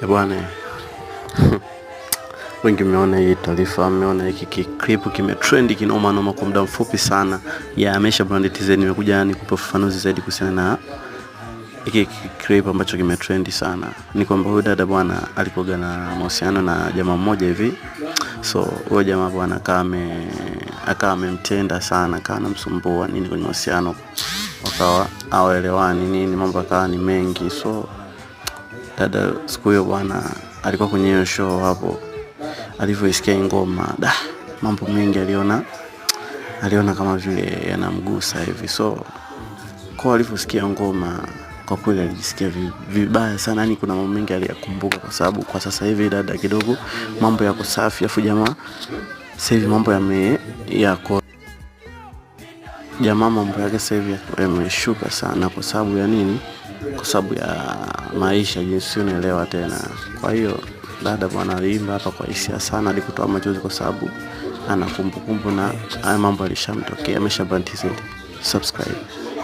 Eh, bwana wengi mmeona hii taarifa, mmeona hiki clip kimetrendi kinoma noma kwa muda mfupi sana ya Amesha Brand TZ. Nimekuja nikupe ufafanuzi zaidi kuhusiana na hiki clip ambacho kimetrendi sana. Ni kwamba huyu dada bwana alikuwa na mahusiano na jamaa mmoja hivi, so huyo jamaa bwana akawa amemtenda sana, akawa anamsumbua nini kwenye mahusiano, wakawa hawaelewani nini, mambo akawa ni mengi so dada siku hiyo bwana alikuwa kwenye hiyo show hapo, alivyoisikia ngoma da, mambo mengi aliona aliona kama vile yanamgusa hivi, so kwa alivyosikia ngoma kwa kweli alijisikia vibaya sana, yani kuna mambo mengi aliyakumbuka, kwa sababu kwa sasa hivi dada kidogo mambo yako safi, afu jamaa sasa hivi mambo yame yako jamaa mambo yake sasa hivi yameshuka sana, kwa sababu ya nini? Kwa sababu ya maisha jinsi unaelewa tena. Kwa hiyo dada bwana aliimba hapa kwa hisia sana, alikutoa machozi kwa sababu ana kumbukumbu na haya mambo alishamtokea. Amesha Subscribe.